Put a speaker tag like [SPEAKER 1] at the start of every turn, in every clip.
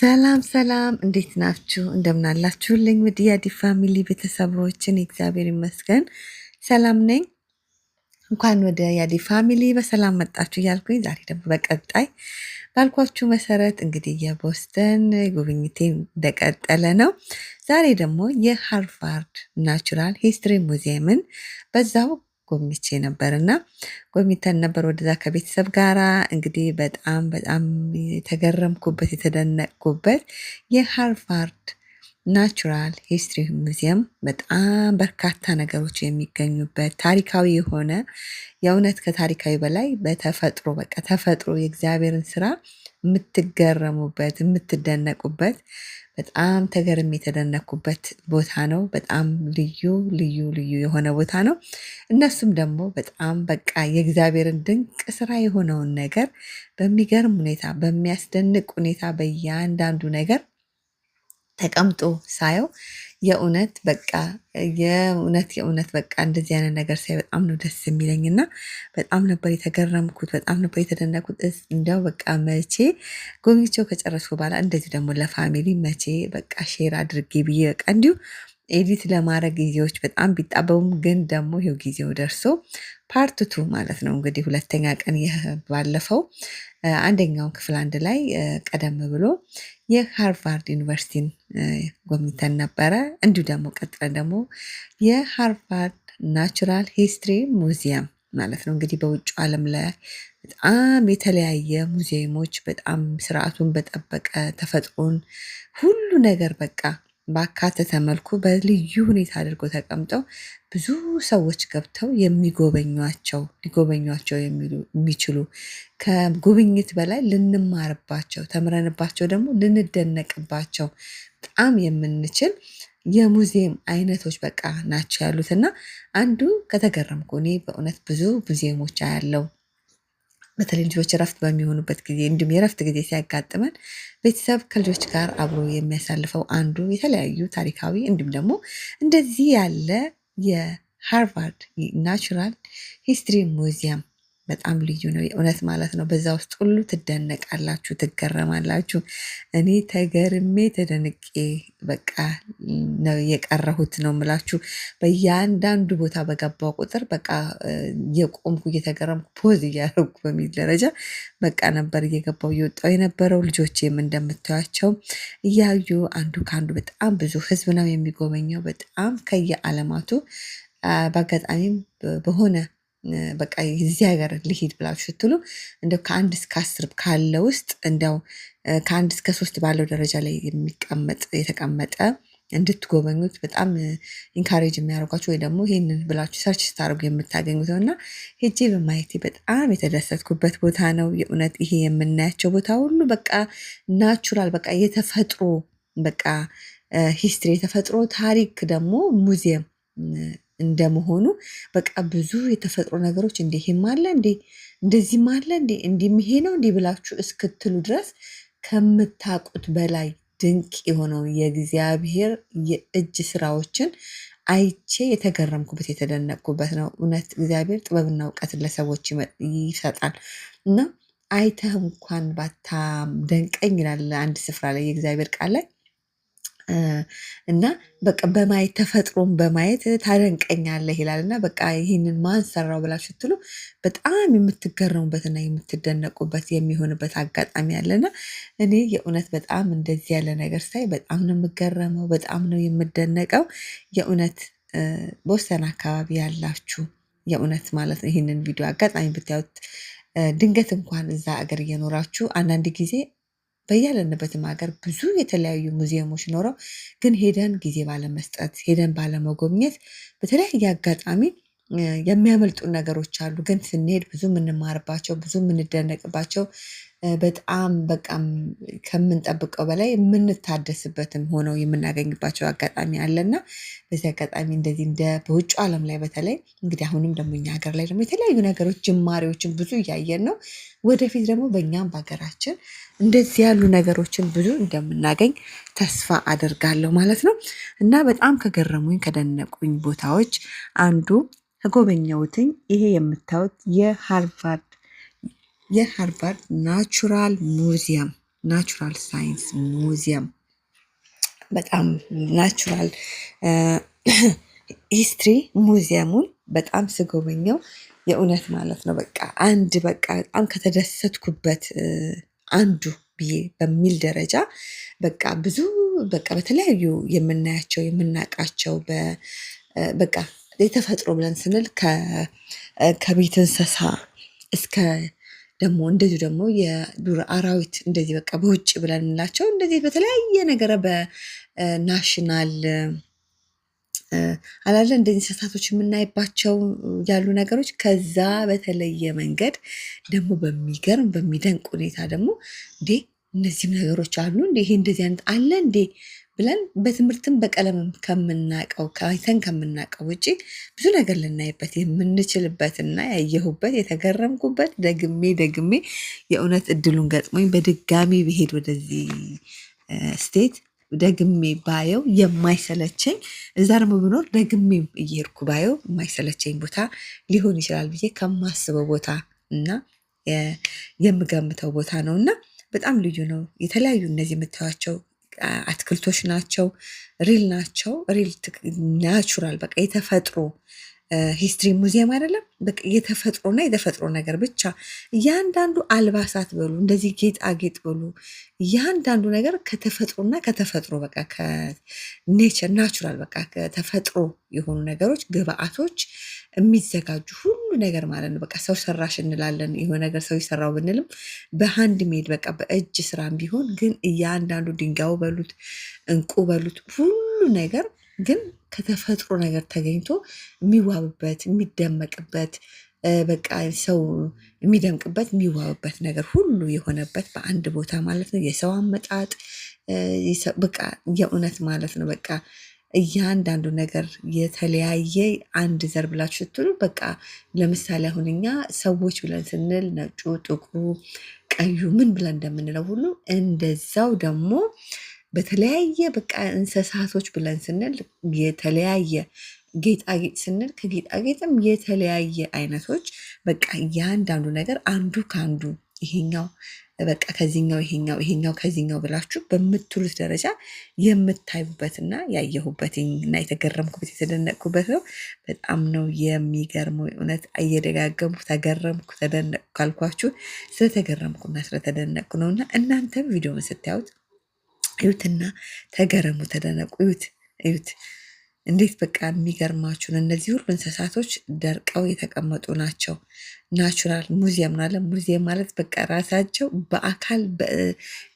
[SPEAKER 1] ሰላም ሰላም፣ እንዴት ናችሁ? እንደምናላችሁልኝ ውድ የአዲ ፋሚሊ ቤተሰቦችን እግዚአብሔር ይመስገን ሰላም ነኝ። እንኳን ወደ ያዲ ፋሚሊ በሰላም መጣችሁ እያልኩኝ ዛሬ ደግሞ በቀጣይ ባልኳችሁ መሰረት እንግዲህ የቦስተን ጉብኝቴ እንደቀጠለ ነው። ዛሬ ደግሞ የሃርቫርድ ናቹራል ሂስትሪ ሙዚየምን በዛው ጎብኝቼ ነበር እና ጎብኝተን ነበር ወደዛ ከቤተሰብ ጋራ እንግዲህ በጣም በጣም የተገረምኩበት የተደነቅኩበት የሃርቫርድ ናቹራል ሂስትሪ ሙዚየም በጣም በርካታ ነገሮች የሚገኙበት ታሪካዊ የሆነ የእውነት ከታሪካዊ በላይ በተፈጥሮ በቃ ተፈጥሮ የእግዚአብሔርን ስራ የምትገረሙበት የምትደነቁበት በጣም ተገርም የተደነኩበት ቦታ ነው። በጣም ልዩ ልዩ ልዩ የሆነ ቦታ ነው። እነሱም ደግሞ በጣም በቃ የእግዚአብሔርን ድንቅ ስራ የሆነውን ነገር በሚገርም ሁኔታ በሚያስደንቅ ሁኔታ በእያንዳንዱ ነገር ተቀምጦ ሳየው የእውነት በቃ የእውነት የእውነት በቃ እንደዚህ አይነት ነገር ሳይ በጣም ነው ደስ የሚለኝ እና በጣም ነበር የተገረምኩት፣ በጣም ነበር የተደነኩት። እንደው በቃ መቼ ጎብኝቼው ከጨረስኩ በኋላ እንደዚህ ደግሞ ለፋሚሊ መቼ በቃ ሼር አድርጌ ብዬ በቃ እንዲሁ ኤዲት ለማድረግ ጊዜዎች በጣም ቢጣበቡም ግን ደግሞ ይኸው ጊዜው ደርሶ ቱ ማለት ነው እንግዲህ ሁለተኛ ቀን ባለፈው አንደኛው ክፍል አንድ ላይ ቀደም ብሎ የሃርቫርድ ዩኒቨርሲቲን ጎብኝተን ነበረ። እንዲሁ ደግሞ ቀጥለን ደግሞ የሃርቫርድ ናቹራል ሂስትሪ ሙዚየም ማለት ነው እንግዲህ በውጭ ዓለም ላይ በጣም የተለያየ ሙዚየሞች በጣም ስርዓቱን በጠበቀ ተፈጥሮን ሁሉ ነገር በቃ ባካተተ መልኩ በልዩ ሁኔታ አድርጎ ተቀምጠው ብዙ ሰዎች ገብተው የሚጎበኟቸው ሊጎበኟቸው የሚችሉ ከጉብኝት በላይ ልንማርባቸው ተምረንባቸው ደግሞ ልንደነቅባቸው በጣም የምንችል የሙዚየም አይነቶች በቃ ናቸው ያሉት እና አንዱ ከተገረምኩ እኔ በእውነት ብዙ ሙዚየሞች አያለው በተለይ ልጆች እረፍት በሚሆኑበት ጊዜ እንዲሁም የእረፍት ጊዜ ሲያጋጥመን ቤተሰብ ከልጆች ጋር አብሮ የሚያሳልፈው አንዱ የተለያዩ ታሪካዊ እንዲሁም ደግሞ እንደዚህ ያለ የሃርቫርድ ናቹራል ሂስትሪ ሙዚየም በጣም ልዩ ነው የእውነት ማለት ነው። በዛ ውስጥ ሁሉ ትደነቃላችሁ፣ ትገረማላችሁ። እኔ ተገርሜ ተደንቄ በቃ ነው የቀረሁት ነው ምላችሁ። በእያንዳንዱ ቦታ በገባው ቁጥር በቃ የቆምኩ እየተገረምኩ ፖዝ እያደረጉ በሚል ደረጃ በቃ ነበር እየገባው እየወጣው የነበረው። ልጆቼም እንደምታያቸው እያዩ አንዱ ከአንዱ በጣም ብዙ ህዝብ ነው የሚጎበኘው በጣም ከየአለማቱ በአጋጣሚም በሆነ በቃ እዚህ ሀገር ልሂድ ብላችሁ ስትሉ እንደው ከአንድ እስከ አስር ካለ ውስጥ እንደው ከአንድ እስከ ሶስት ባለው ደረጃ ላይ የሚቀመጥ የተቀመጠ እንድትጎበኙት በጣም ኢንካሬጅ የሚያደርጓችሁ ወይ ደግሞ ይህንን ብላችሁ ሰርች ስታደርጉ የምታገኙት ነው እና ሄጄ በማየቴ በጣም የተደሰትኩበት ቦታ ነው። የእውነት ይሄ የምናያቸው ቦታ ሁሉ በቃ ናቹራል በቃ የተፈጥሮ በቃ ሂስትሪ የተፈጥሮ ታሪክ ደግሞ ሙዚየም እንደመሆኑ በቃ ብዙ የተፈጥሮ ነገሮች እንዲህ ይሄም አለ እንደ እንደዚህም አለ እንደ እንዲህ ይሄ ነው እንዲህ ብላችሁ እስክትሉ ድረስ ከምታውቁት በላይ ድንቅ የሆነው የእግዚአብሔር የእጅ ስራዎችን አይቼ የተገረምኩበት የተደነቅኩበት ነው። እውነት እግዚአብሔር ጥበብና እውቀት ለሰዎች ይሰጣል እና አይተህ እንኳን ደንቀኝ ይላል አንድ ስፍራ ላይ የእግዚአብሔር ቃል ላይ እና በቃ በማየት ተፈጥሮን በማየት ታደንቀኛለህ ይላል እና በቃ ይህንን ማን ሰራው ብላችሁ ስትሉ በጣም የምትገረሙበትና የምትደነቁበት የሚሆንበት አጋጣሚ አለና እኔ የእውነት በጣም እንደዚህ ያለ ነገር ሳይ በጣም ነው የምገረመው፣ በጣም ነው የምደነቀው። የእውነት በወሰን አካባቢ ያላችሁ የእውነት ማለት ነው ይህንን ቪዲዮ አጋጣሚ ብታዩት ድንገት እንኳን እዛ አገር እየኖራችሁ አንዳንድ ጊዜ በያለንበትም ሀገር ብዙ የተለያዩ ሙዚየሞች ኖረው ግን ሄደን ጊዜ ባለመስጠት ሄደን ባለመጎብኘት በተለያየ አጋጣሚ የሚያመልጡ ነገሮች አሉ። ግን ስንሄድ ብዙ የምንማርባቸው ብዙ የምንደነቅባቸው በጣም በቃም ከምንጠብቀው በላይ የምንታደስበትም ሆነው የምናገኝባቸው አጋጣሚ አለና በዚህ አጋጣሚ እንደዚህ እንደ በውጭ ዓለም ላይ በተለይ እንግዲህ አሁንም ደግሞ እኛ ሀገር ላይ ደግሞ የተለያዩ ነገሮች ጅማሬዎችን ብዙ እያየን ነው። ወደፊት ደግሞ በእኛም በሀገራችን እንደዚህ ያሉ ነገሮችን ብዙ እንደምናገኝ ተስፋ አደርጋለሁ ማለት ነው እና በጣም ከገረሙኝ ከደነቁኝ ቦታዎች አንዱ ከጎበኘሁትኝ ይሄ የምታዩት የሃርቫርድ የሃርቫርድ ናቹራል ሙዚየም ናቹራል ሳይንስ ሙዚየም በጣም ናቹራል ሂስትሪ ሙዚየሙን በጣም ስጎበኘው የእውነት ማለት ነው በቃ አንድ በቃ በጣም ከተደሰትኩበት አንዱ ብዬ በሚል ደረጃ በቃ ብዙ በቃ በተለያዩ የምናያቸው የምናውቃቸው በቃ የተፈጥሮ ብለን ስንል ከቤት እንስሳ እስከ ደግሞ እንደዚሁ ደግሞ የዱር አራዊት እንደዚህ በቃ በውጭ ብለን የምንላቸው እንደዚህ በተለያየ ነገር በናሽናል አላለ እንደዚህ እንስሳቶች የምናይባቸው ያሉ ነገሮች ከዛ በተለየ መንገድ ደግሞ በሚገርም በሚደንቅ ሁኔታ ደግሞ እንዴ እነዚህም ነገሮች አሉ እንዴ ይሄ እንደዚህ አይነት አለ እንዴ ብለን በትምህርትም በቀለም ከምናቀው ከአይተን ከምናቀው ውጭ ብዙ ነገር ልናይበት የምንችልበትና ያየሁበት የተገረምኩበት ደግሜ ደግሜ የእውነት እድሉን ገጥሞኝ በድጋሚ ብሄድ ወደዚህ ስቴት ደግሜ ባየው የማይሰለቸኝ እዛ ደግሞ ብኖር ደግሜ እየሄድኩ ባየው የማይሰለቸኝ ቦታ ሊሆን ይችላል ብዬ ከማስበው ቦታ እና የምገምተው ቦታ ነው እና በጣም ልዩ ነው። የተለያዩ እነዚህ የምታዩቸው አትክልቶች ናቸው። ሪል ናቸው። ሪል ናቹራል በቃ የተፈጥሮ ሂስትሪ ሙዚየም አይደለም፣ በቃ የተፈጥሮና የተፈጥሮ ነገር ብቻ እያንዳንዱ አልባሳት በሉ እንደዚህ ጌጣጌጥ በሉ እያንዳንዱ ነገር ከተፈጥሮና ከተፈጥሮ በቃ ከኔቸር ናቹራል በቃ ከተፈጥሮ የሆኑ ነገሮች ግብአቶች የሚዘጋጁ ሁሉ ነገር ማለት ነው። በቃ ሰው ሰራሽ እንላለን የሆነ ነገር ሰው ይሰራው ብንልም በሃንድ ሜድ በቃ በእጅ ስራም ቢሆን ግን እያንዳንዱ ድንጋዩ በሉት እንቁ በሉት ሁሉ ነገር ግን ከተፈጥሮ ነገር ተገኝቶ የሚዋብበት የሚደመቅበት በቃ ሰው የሚደምቅበት የሚዋብበት ነገር ሁሉ የሆነበት በአንድ ቦታ ማለት ነው። የሰው አመጣጥ በቃ የእውነት ማለት ነው። በቃ እያንዳንዱ ነገር የተለያየ አንድ ዘር ብላችሁ ስትሉ በቃ ለምሳሌ አሁን እኛ ሰዎች ብለን ስንል ነጩ፣ ጥቁሩ፣ ቀዩ ምን ብለን እንደምንለው ሁሉ እንደዛው ደግሞ በተለያየ በቃ እንስሳቶች ብለን ስንል የተለያየ ጌጣጌጥ ስንል ከጌጣጌጥም የተለያየ አይነቶች በቃ እያንዳንዱ ነገር አንዱ ከአንዱ ይሄኛው በቃ ከዚኛው ይሄኛው ይሄኛው ከዚኛው ብላችሁ በምትሉት ደረጃ የምታዩበትና ያየሁበት እና የተገረምኩበት የተደነቅኩበት ነው። በጣም ነው የሚገርመው። እውነት እየደጋገምኩ ተገረምኩ፣ ተደነቅኩ ካልኳችሁ ስለተገረምኩና ስለተደነቅኩ ነውና እናንተም ቪዲዮን ስታዩት እዩትና ተገረሙ፣ ተደነቁ። እዩት እዩት እንዴት በቃ የሚገርማችሁ ነው። እነዚህ ሁሉ እንስሳቶች ደርቀው የተቀመጡ ናቸው። ናቹራል ሙዚየም ናለ ሙዚየም ማለት በቃ ራሳቸው በአካል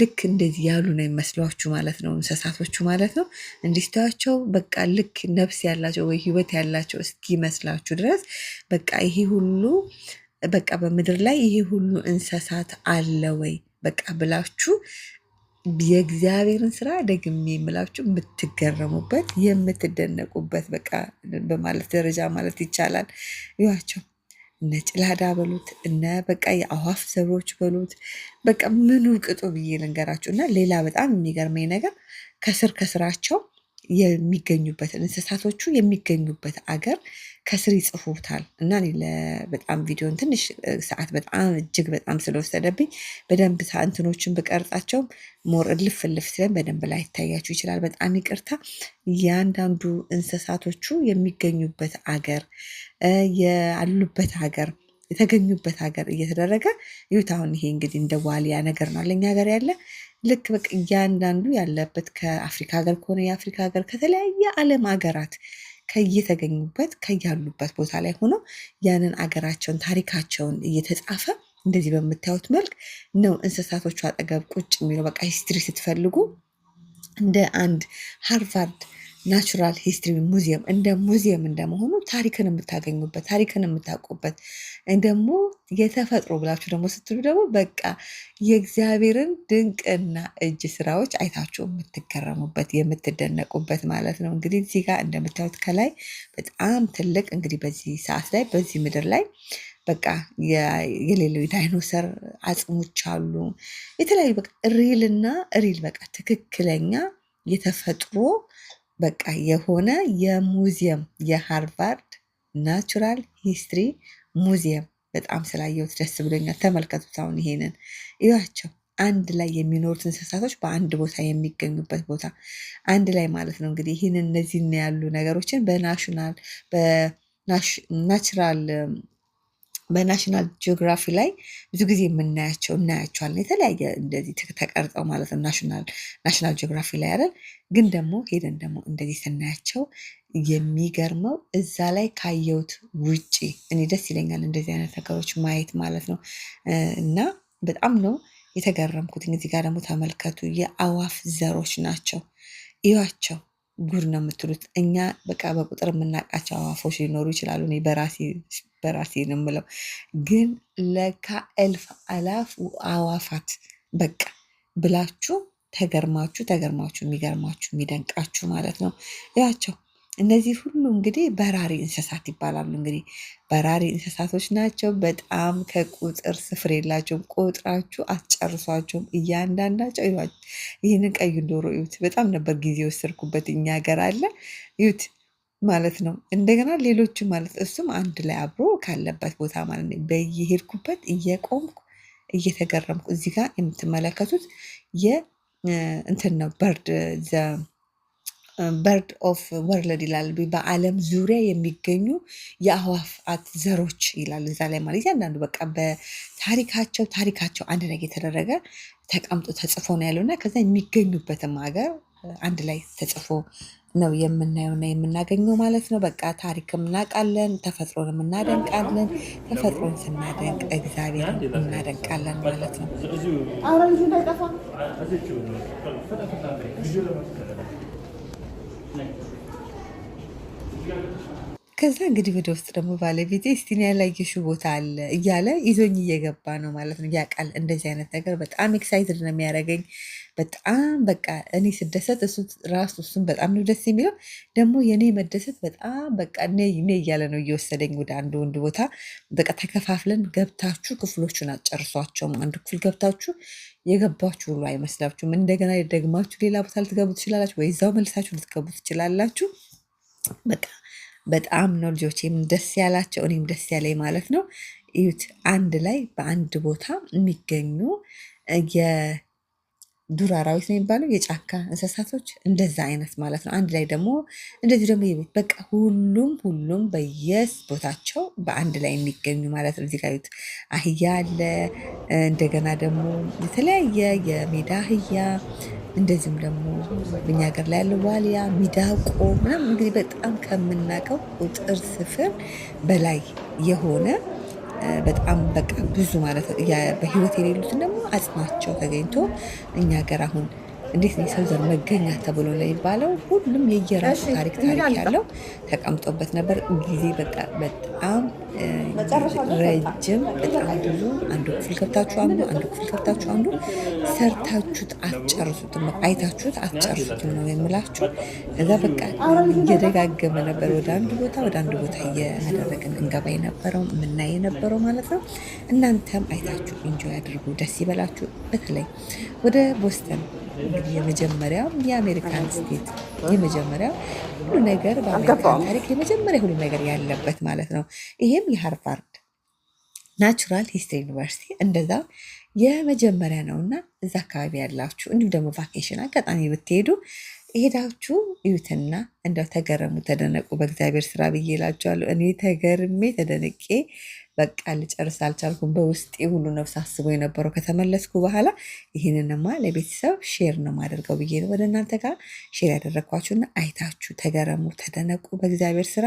[SPEAKER 1] ልክ እንደዚህ ያሉ ነው የሚመስሏችሁ ማለት ነው። እንስሳቶቹ ማለት ነው እንዲስታቸው በቃ ልክ ነፍስ ያላቸው ወይ ህይወት ያላቸው እስኪመስላችሁ ድረስ በቃ ይሄ ሁሉ በቃ በምድር ላይ ይሄ ሁሉ እንስሳት አለ ወይ በቃ ብላችሁ የእግዚአብሔርን ስራ ደግሜ የምላችሁ የምትገረሙበት የምትደነቁበት በቃ በማለት ደረጃ ማለት ይቻላል። ይዋቸው እነ ጭላዳ በሉት እነ በቃ የአዋፍ ዘሮች በሉት በቃ ምኑ ቅጡ ብዬ ልንገራችሁ። እና ሌላ በጣም የሚገርመኝ ነገር ከስር ከስራቸው የሚገኙበት እንስሳቶቹ የሚገኙበት አገር ከስር ይጽፉታል እና በጣም ቪዲዮን ትንሽ ሰዓት በጣም እጅግ በጣም ስለወሰደብኝ በደንብ እንትኖችን ብቀርጻቸውም ሞር እልፍ እልፍ ሲለን በደንብ ላይ ይታያችሁ ይችላል። በጣም ይቅርታ። እያንዳንዱ እንስሳቶቹ የሚገኙበት አገር ያሉበት ሀገር የተገኙበት ሀገር እየተደረገ ይሁት። አሁን ይሄ እንግዲህ እንደ ዋሊያ ነገር ነው አለኛ ሀገር ያለ ልክ በቃ እያንዳንዱ ያለበት ከአፍሪካ ሀገር ከሆነ የአፍሪካ ሀገር ከተለያየ ዓለም ሀገራት ከየተገኙበት ከያሉበት ቦታ ላይ ሆኖ ያንን አገራቸውን ታሪካቸውን እየተጻፈ እንደዚህ በምታዩት መልክ ነው እንስሳቶቹ አጠገብ ቁጭ የሚለው። በቃ ሂስትሪ ስትፈልጉ እንደ አንድ ሃርቫርድ ናቹራል ሂስትሪ ሙዚየም እንደ ሙዚየም እንደመሆኑ ታሪክን የምታገኙበት ታሪክን የምታውቁበት ደግሞ የተፈጥሮ ብላችሁ ደግሞ ስትሉ ደግሞ በቃ የእግዚአብሔርን ድንቅና እጅ ስራዎች አይታችሁ የምትገረሙበት የምትደነቁበት ማለት ነው። እንግዲህ እዚህ ጋር እንደምታዩት ከላይ በጣም ትልቅ እንግዲህ በዚህ ሰዓት ላይ በዚህ ምድር ላይ በቃ የሌለው የዳይኖሰር አጽሞች አሉ። የተለያዩ በቃ ሪልና ሪል በቃ ትክክለኛ የተፈጥሮ በቃ የሆነ የሙዚየም የሃርቫርድ ናቹራል ሂስትሪ ሙዚየም በጣም ስላየሁት ደስ ብሎኛል። ተመልከቱት። አሁን ይሄንን እያቸው አንድ ላይ የሚኖሩት እንስሳቶች በአንድ ቦታ የሚገኙበት ቦታ አንድ ላይ ማለት ነው። እንግዲህ ይህን እነዚህን ያሉ ነገሮችን በናሽናል ናቹራል በናሽናል ጂኦግራፊ ላይ ብዙ ጊዜ የምናያቸው እናያቸዋለን። የተለያየ እንደዚህ ተቀርጸው ማለት ነው ናሽናል ጂኦግራፊ ላይ አይደል? ግን ደግሞ ሄደን ደግሞ እንደዚህ ስናያቸው የሚገርመው እዛ ላይ ካየሁት ውጪ እኔ ደስ ይለኛል እንደዚህ አይነት ነገሮች ማየት ማለት ነው። እና በጣም ነው የተገረምኩት። እዚህ ጋር ደግሞ ተመልከቱ፣ የአዋፍ ዘሮች ናቸው። እዩዋቸው። ጉድ ነው የምትሉት። እኛ በቃ በቁጥር የምናውቃቸው አዋፎች ሊኖሩ ይችላሉ። እኔ በራሴ ነው የምለው፣ ግን ለካ እልፍ አላፍ አዋፋት በቃ ብላችሁ ተገርማችሁ ተገርማችሁ የሚገርማችሁ የሚደንቃችሁ ማለት ነው ያቸው እነዚህ ሁሉ እንግዲህ በራሪ እንስሳት ይባላሉ። እንግዲህ በራሪ እንስሳቶች ናቸው። በጣም ከቁጥር ስፍር የላቸውም። ቁጥራችሁ አትጨርሷቸውም። እያንዳንዳቸው ይሏቸው። ይህንን ቀዩ ዶሮ እዩት። በጣም ነበር ጊዜ ወሰድኩበት። እኛ ሀገር አለ እዩት ማለት ነው። እንደገና ሌሎቹ ማለት እሱም አንድ ላይ አብሮ ካለበት ቦታ ማለት ነው። በየሄድኩበት እየቆምኩ እየተገረምኩ እዚህ ጋር የምትመለከቱት የእንትን ነው በርድ በርድ ኦፍ ወርለድ ይላል። በዓለም ዙሪያ የሚገኙ የአዕዋፋት ዘሮች ይላል እዛ ላይ ማለት እያንዳንዱ በቃ በታሪካቸው ታሪካቸው አንድ ላይ የተደረገ ተቀምጦ ተጽፎ ነው ያለው እና ከዛ የሚገኙበትም ሀገር አንድ ላይ ተጽፎ ነው የምናየውና የምናገኘው ማለት ነው። በቃ ታሪክም እናውቃለን፣ ተፈጥሮንም እናደንቃለን። ተፈጥሮን ስናደንቅ እግዚአብሔር እናደንቃለን ማለት ነው። ከዛ እንግዲህ ወደ ውስጥ ደግሞ ባለቤቴ እስቲ ያላየሽው ቦታ አለ እያለ ይዞኝ እየገባ ነው ማለት ነው። ያውቃል እንደዚህ አይነት ነገር በጣም ኤክሳይትድ ነው የሚያደርገኝ። በጣም በቃ እኔ ስደሰት እሱ ራሱ እሱን በጣም ነው ደስ የሚለው። ደግሞ የእኔ መደሰት በጣም በቃ እኔ እያለ ነው እየወሰደኝ ወደ አንድ ወንድ ቦታ። በቃ ተከፋፍለን ገብታችሁ ክፍሎቹን አጨርሷቸውም አንድ ክፍል ገብታችሁ የገባችሁ ሁሉ አይመስላችሁም። እንደገና ደግማችሁ ሌላ ቦታ ልትገቡ ትችላላችሁ፣ ወይ እዛው መልሳችሁ ልትገቡ ትችላላችሁ። በቃ በጣም ነው ልጆቼም ደስ ያላቸው እኔም ደስ ያለኝ ማለት ነው። እዩት አንድ ላይ በአንድ ቦታ የሚገኙ ዱር አራዊት ነው የሚባለው የጫካ እንስሳቶች እንደዛ አይነት ማለት ነው። አንድ ላይ ደግሞ እንደዚህ ደግሞ የቤት በቃ ሁሉም ሁሉም በየስ ቦታቸው በአንድ ላይ የሚገኙ ማለት ነው። እዚህ ቤት አህያ አለ። እንደገና ደግሞ የተለያየ የሜዳ አህያ እንደዚሁም ደግሞ በኛ ሀገር ላይ ያለው ዋልያ፣ ሚዳቆ ምናምን እንግዲህ በጣም ከምናውቀው ቁጥር ስፍር በላይ የሆነ በጣም በቃ ብዙ ማለት በህይወት የሌሉትን ደግሞ አጽማቸው ተገኝቶ እኛ ሀገር አሁን እንዴት ነው የሰው ዘር መገኛ ተብሎ ነው የሚባለው። ሁሉም የየራሱ ታሪክ ታሪክ ያለው ተቀምጦበት ነበር ጊዜ በጣም ረጅም በጣም ብዙ አንዱ ክፍል ከብታችሁ አንዱ አንዱ ክፍል ከብታችሁ አንዱ ሰርታችሁት አትጨርሱትም፣ አይታችሁት አትጨርሱትም ነው የምላችሁ። እዛ በቃ እየደጋገመ ነበር ወደ አንድ ቦታ ወደ አንድ ቦታ እያደረግን እንገባ የነበረው የምናይ የነበረው ማለት ነው። እናንተም አይታችሁ እንጆ ያድርጉ፣ ደስ ይበላችሁ። በተለይ ወደ ቦስተን የመጀመሪያ የአሜሪካን ስቴት የመጀመሪያው ሁሉ ነገር በአሜሪካን ታሪክ የመጀመሪያ ሁሉ ነገር ያለበት ማለት ነው። ይሄም የሃርቫርድ ናቹራል ሂስትሪ ዩኒቨርሲቲ እንደዛ የመጀመሪያ ነው እና እዛ አካባቢ ያላችሁ እንዲሁም ደግሞ ቫኬሽን አጋጣሚ ብትሄዱ ሄዳችሁ እዩትና እንደው ተገረሙ፣ ተደነቁ በእግዚአብሔር ስራ ብዬ እላችኋለሁ። እኔ ተገርሜ ተደንቄ በቃ ልጨርስ አልቻልኩም። በውስጤ ሁሉ ነፍስ አስቦ የነበረው ከተመለስኩ በኋላ ይህንንማ ለቤተሰብ ሼር ነው ማደርገው ብዬ ወደ እናንተ ጋር ሼር ያደረግኳችሁና አይታችሁ ተገረሙ፣ ተደነቁ በእግዚአብሔር ስራ።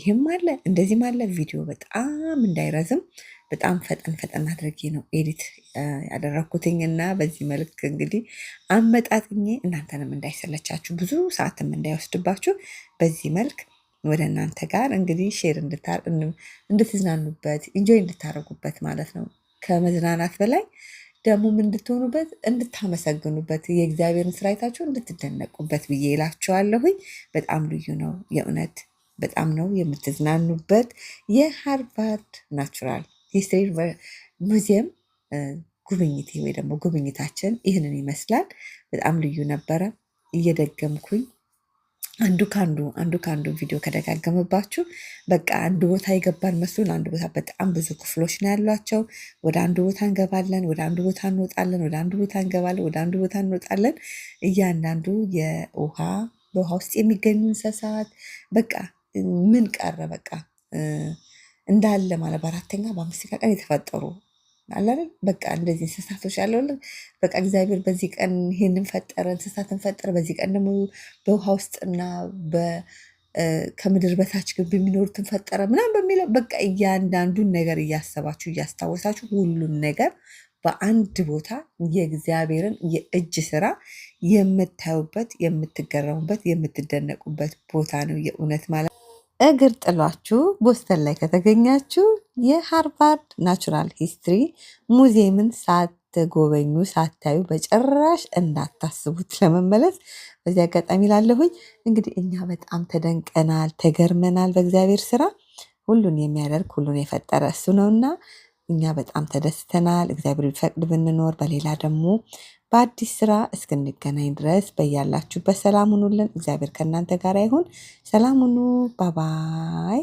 [SPEAKER 1] ይህም አለ እንደዚህም አለ። ቪዲዮ በጣም እንዳይረዝም በጣም ፈጠን ፈጠን አድርጌ ነው ኤዲት ያደረግኩትኝ እና በዚህ መልክ እንግዲህ አመጣጥኜ እናንተንም እንዳይሰለቻችሁ ብዙ ሰዓትም እንዳይወስድባችሁ በዚህ መልክ ወደ እናንተ ጋር እንግዲህ ሼር እንድትዝናኑበት ኢንጆይ እንድታደርጉበት ማለት ነው። ከመዝናናት በላይ ደግሞም እንድትሆኑበት እንድታመሰግኑበት፣ የእግዚአብሔርን ስራ አይታችሁ እንድትደነቁበት ብዬ እላችኋለሁኝ። በጣም ልዩ ነው የእውነት በጣም ነው የምትዝናኑበት። የሃርቫርድ ናቹራል ሂስትሪ ሙዚየም ጉብኝቴ ወይ ደግሞ ጉብኝታችን ይህንን ይመስላል። በጣም ልዩ ነበረ። እየደገምኩኝ አንዱ ከአንዱ አንዱ ከአንዱ ቪዲዮ ከደጋገመባችሁ በቃ አንድ ቦታ የገባን መስሉን አንድ ቦታ በጣም ብዙ ክፍሎች ነው ያሏቸው። ወደ አንድ ቦታ እንገባለን፣ ወደ አንድ ቦታ እንወጣለን፣ ወደ አንድ ቦታ እንገባለን፣ ወደ አንድ ቦታ እንወጣለን። እያንዳንዱ የውሃ በውሃ ውስጥ የሚገኙ እንስሳት በቃ ምን ቀረ በቃ እንዳለ ማለት በአራተኛ በአምስተኛ ቀን የተፈጠሩ አላለ በቃ እንደዚህ እንስሳቶች ያለውን በቃ እግዚአብሔር በዚህ ቀን ይህንን ፈጠረ፣ እንስሳትን ፈጠረ። በዚህ ቀን ደግሞ በውሃ ውስጥና ከምድር በታች ግን በሚኖሩትን ፈጠረ ምናምን በሚለው በቃ እያንዳንዱን ነገር እያሰባችሁ እያስታወሳችሁ ሁሉም ነገር በአንድ ቦታ የእግዚአብሔርን የእጅ ስራ የምታዩበት፣ የምትገረሙበት፣ የምትደነቁበት ቦታ ነው የእውነት ማለት እግር ጥሏችሁ ቦስተን ላይ ከተገኛችሁ የሃርቫርድ ናቹራል ሂስትሪ ሙዚየምን ሳትጎበኙ ሳታዩ በጭራሽ እንዳታስቡት ለመመለስ በዚህ አጋጣሚ ላለሁኝ። እንግዲህ እኛ በጣም ተደንቀናል፣ ተገርመናል። በእግዚአብሔር ስራ ሁሉን የሚያደርግ ሁሉን የፈጠረ እሱ ነውና እኛ በጣም ተደስተናል። እግዚአብሔር ቢፈቅድ ብንኖር በሌላ ደግሞ በአዲስ ስራ እስክንገናኝ ድረስ በያላችሁበት ሰላም ሁኑልን። እግዚአብሔር ከእናንተ ጋር ይሁን። ሰላም ሁኑ። ባባይ